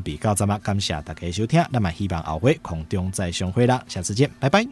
比較怎麼感謝大家收聽，那麼希望後會空中再相會啦，下次見，拜拜。